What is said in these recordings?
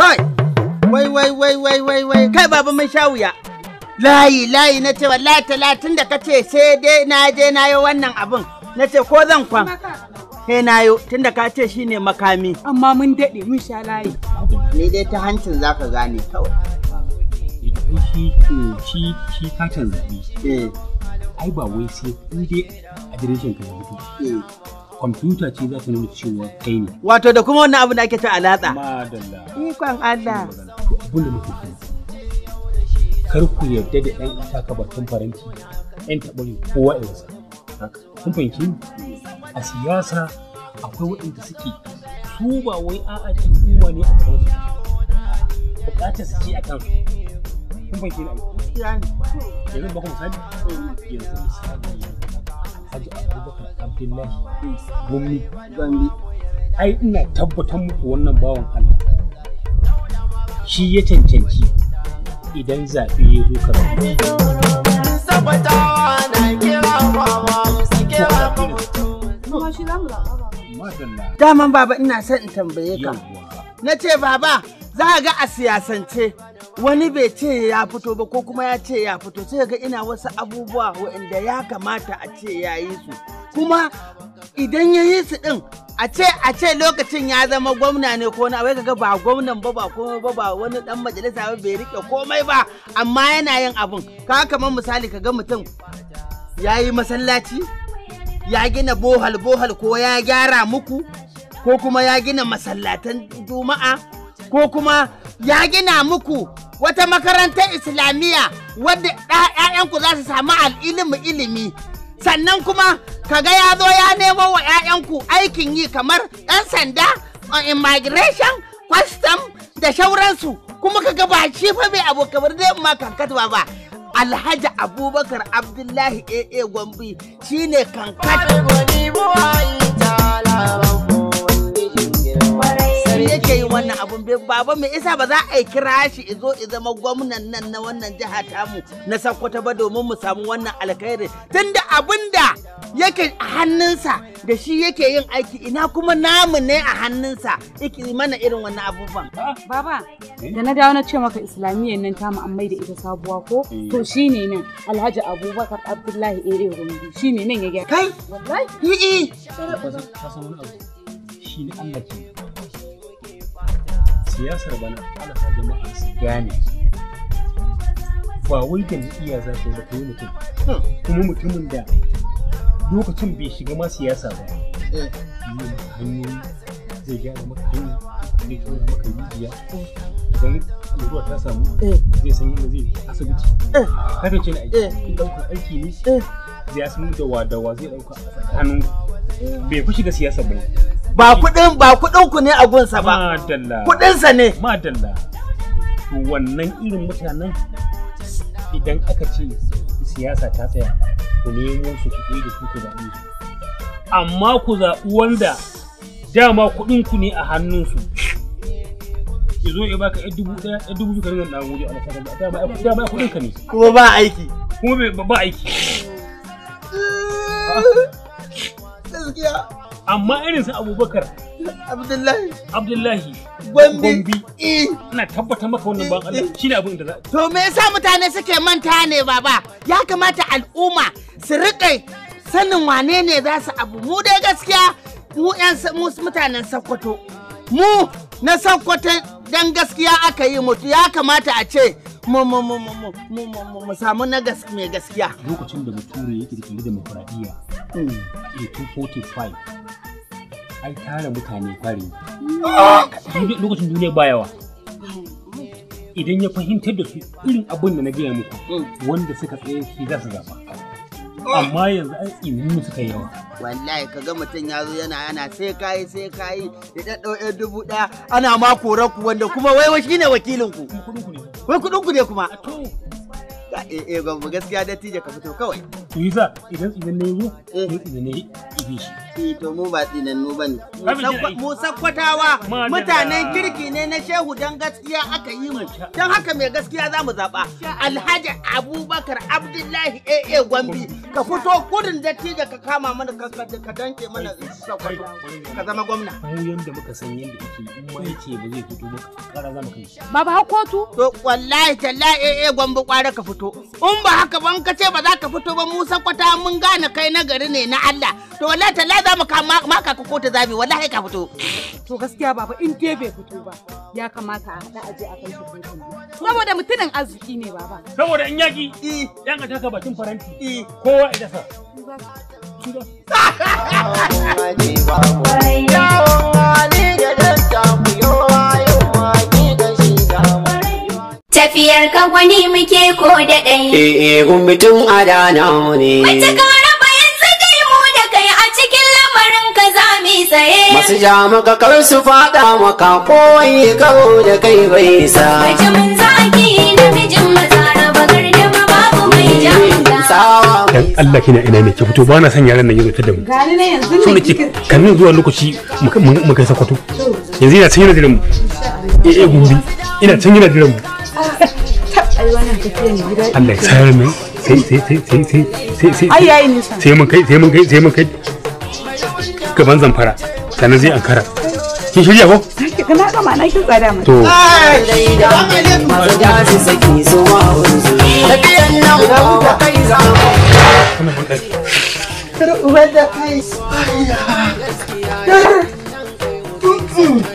Kai! Wai wai wai wai wai wai kai baba mun sha wuya. Layi layi na ce wallahi talatin da kace sai dai na je na yi wannan abin. Na ce ko zan kwan. kai na yi tun da ka ce shi ne makami. Amma mun daɗe mun sha layi. Ni dai ta hancin za ka gane kawai. Hmm. Shi shi shi katin hmm. zaɓe. Ai ba wai sai in dai adireshin ka ya mutu. Hmm. kwamfuta ce za ta nuna cewa kai ne. Wato da kuma wannan abu da ake ta alatsa. Madalla. Ikon Allah. Abin da muke kuma. Kar ku yarda da ɗan ka batun faranti, ɗan taɓari kowa ya wasa. Kun fahimci a siyasa akwai waɗanda suke su ba wai a'a ta kuma ne a kan su. Bukatar su ce a kan su. Kun fahimci na Yanzu ba ku misali. Yanzu misali. Alhaji Abubakar Abdullahi Gummi Gombe ai ina tabbatar muku wannan bawan Allah shi ya cancanci idan zaɓe ya zo karatu. Daman baba ina son in tambaye ka. Na ce baba za a ga a siyasance wani bai ce ya fito ba ko kuma ya ce ya fito sai ga ina wasu abubuwa waɗanda ya kamata a ce ya yi su kuma idan ya yi su ɗin a ce a ce lokacin ya zama gwamna ne ko na ga ba gwamnan ba ba komai ba ba wani dan majalisa ba bai rike komai ba amma yana yin abun ka kamar misali ka ga mutum ya yi masallaci ya gina bohal bohal ko ya gyara muku ko kuma ya gina masallatan juma'a ko kuma ya gina muku wata makarantar islamiyya wadda ‘ya'yanku za su samu al'ilimi ilimi sannan kuma kaga ya zo ya nemo wa ‘ya'yanku aikin yi kamar ɗan sanda immigration custom da shauransu kuma kaga ba shi fa bai abu kamar dai ma kankatwa ba alhaji abubakar abdullahi aa shi shine kankat me yake yi wannan abun bai baba me isa ba za a yi kira shi izo i zama gwamnan nan na wannan jiha tamu na sakkwata ba domin mu samu wannan alkhairi tunda abin da yake a hannunsa da shi yake yin aiki ina kuma namu ne a hannunsa iki mana irin wannan abubuwan baba eh? da na dawo na ce maka islamiyya nan tamu an da ita sabuwa ko eh. to shine nan Alhaji Abubakar Abdullahi Ere shi shine nan ya kai wallahi eh siyasar bana ana sa jama'a su gane ba wai jam'iyya za ta yi kai mutum kuma mutumin da lokacin bai shiga ma siyasa ba yi hanyoyi zai gyara maka hanyoyi zai tona maka rijiya idan lura ta samu eh. zai san yadda zai asibiti eh. kafin ce na aiki eh. in ɗaukar aiki ne zai asibiti da wadawa zai ɗauka hannun bai fushi da siyasa ba ne ba kudin ba kudin ku ne a gunsa ba kudin sa ne madalla to wannan irin mutanen idan aka ce siyasa ta tsaya ku nemo su kudi da kuke da su amma ku zaɓi wanda dama kuɗin ku ne a hannunsu ki zo ya baka yan dubu ɗaya yan dubu suka ka ɗan wuri a masakar da dama dama ka ne kuma ba aiki kuma ba aiki gaskiya amma irin su abubakar abdullahi abdullahi gombi eh. ina tabbatar maka wannan ban Allah eh, eh. shine abin da za to me yasa mutane suke manta ne baba ya kamata al'umma su riƙe sanin wane ne za su abu mu dai gaskiya mu yan mutanen sakkwato mu na sakkwato dan gaskiya aka yi mutu ya kamata a ce mu samu na mai gaskiya lokacin da bature yake da demokradiyya 1845 hmm. ai tara mutane fari lokacin duniya ba yawa idan ya fahimtar da su irin abin da na gaya muku wanda suka tsaye shi za su zaba amma yanzu an tsinin suka yawa wallahi ka ga mutum ya zo yana yana sai kayi sai kayi da daddau ɗaya dubu ɗaya ana ma kore ku wanda kuma wai wa shine wakilin ku wai kuɗin ku ne kuma to ga eh eh gaskiya tije ka fito kawai to yi sa idan tsinan ne zo ne eh. tsinan ne ibe shi eh to mu ba tsinannu ba ne mu sakkwatawa mutanen kirki ne na shehu dan gaskiya aka yi mu don haka mai gaskiya za mu zaɓa alhaji abubakar abdullahi aa gwambi ka fito kudin dattijo ka kama mana ka danke mana sakwai ka zama gwamna mu yanda muka san yanda yake in ma yake ba zai fito ba kara zama kai baba har kotu to wallahi tallahi aa gwambi kwara ka fito in ba haka ban ka ce ba za ka fito ba mu sakwata mun gane kai na gari ne na Allah to wallahi talla za mu kama maka ka ta zabi wallahi ka fito to gaskiya baba in dai bai fito ba ya kamata a hada aje a kan shi saboda mutumin arziki ne baba saboda in yaki yan ka taka bakin faranti kowa ya dasa tafiyar ka gwani muke ko da ɗai. Eh eh gumbitin adana ne. wace ka raba yanzu yi mu da kai a cikin lamarin ka za mu tsaye. Masu ja maka kar su faɗa maka ko yi kawo da kai bai sa. Mace mun zaki namijin maza raba ma babu mai jami'a. Dan Allah kina ina ne ki fito ba na san yaran nan yanzu ta da mu. Gani na yanzu ne Kamin zuwa lokaci mu kai sakwato. Yanzu ina cikin yana da mu. Eh eh gumbi. ina can yana jiran mu ai wannan tafiya ne gida Allah sai sai sai sai sai sai sai ai yayi nisa sai mun kai sai mun kai sai mun kai gaban zamfara sannan zai ankara kin shirya ko kana ma na kin tsada mu to tafiyan nan ga kai zama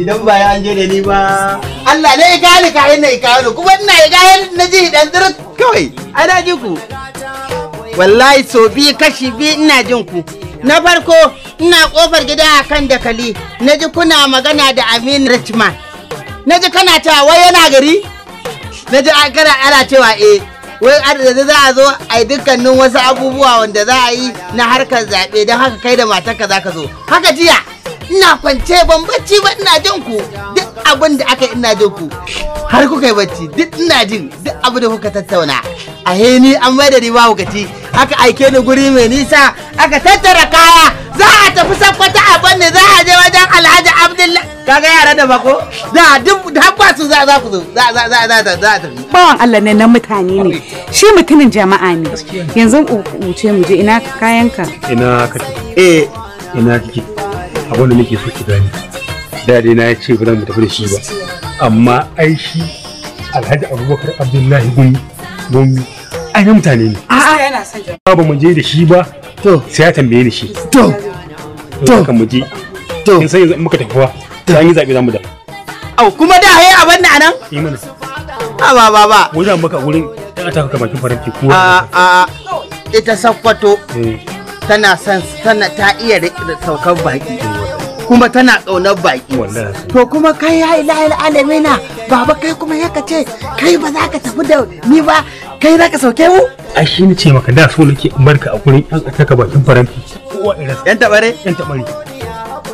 idan ba ya je da ni ba Allah ne ya gane kayan na ikawo kuma ina ya gane na ji dan dirit kawai ana ji ku wallahi so bi kashi bi ina jin ku na farko ina kofar gida a kan dakali na ji kuna magana da amin richman na ji kana ta wai yana gari na ji kana ana cewa eh wai arziki za a zo a yi dukkanin wasu abubuwa wanda za a yi na harkar zaɓe don haka kai da matarka za ka zo haka jiya ina kwance ban bacci ba ina jin ku duk abin da aka ina jin ku har kuka yi bacci duk ina jin duk abu da kuka tattauna a heni an mai da riba ba aka aike ni guri mai nisa aka tattara kaya za a tafi sakwata a banne za a je wajen alhaji abdullahi kaga yara da bako za a duk har ba su za ku zo za za za za za tafi bawan Allah ne na mutane ne shi mutumin jama'a ne yanzu ce mu je ina kayanka ina ka eh ina kike abin da nake so ki gani dade na ya ce ba zan tafi da shi ba amma ai shi alhaji abubakar abdullahi gumi gumi ai na mutane ne a'a yana son jama'a ba mu je da shi ba to sai ya tambaye ni shi to to kan mu je to in sai yanzu muka tafi fa an yi zabe zamu da au kuma da haye abin nan anan yi mana ba ba ba ba wajen muka gurin dan ataka bakin faranti ko a a ita sakwato eh. tana san tana ta iya saukar baki kuma tana ƙaunar baki to kuma kai ya ilahil alamina baba kai kuma ya ka ce kai ba za ka tafi da ni ba kai za ka sauke mu a shi ne ce maka da so nake in barka a gurin yan tsaka bakin faranti yan tabare yan tabare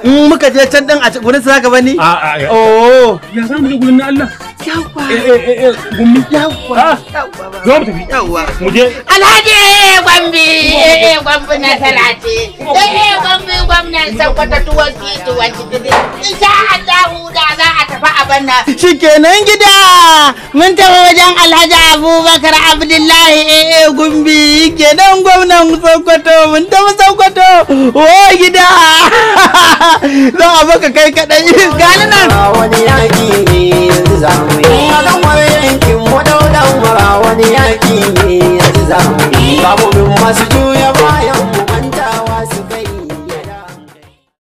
in muka je can din a gurin sa ka bani a a o ya za mu je gurin na Allah yawa eh, eh eh eh gummi yawa ah, yawa yawa mu je alhaji gombe eh na salati gwamnan sakwata tuwon titi da za a tafi a banna shikenan gida mun tafi wajen Alhaji Abubakar Abdullahi eh, eh gumbi kenan gwamnan Sokoto mun tafi o gida za a baka kai masu juya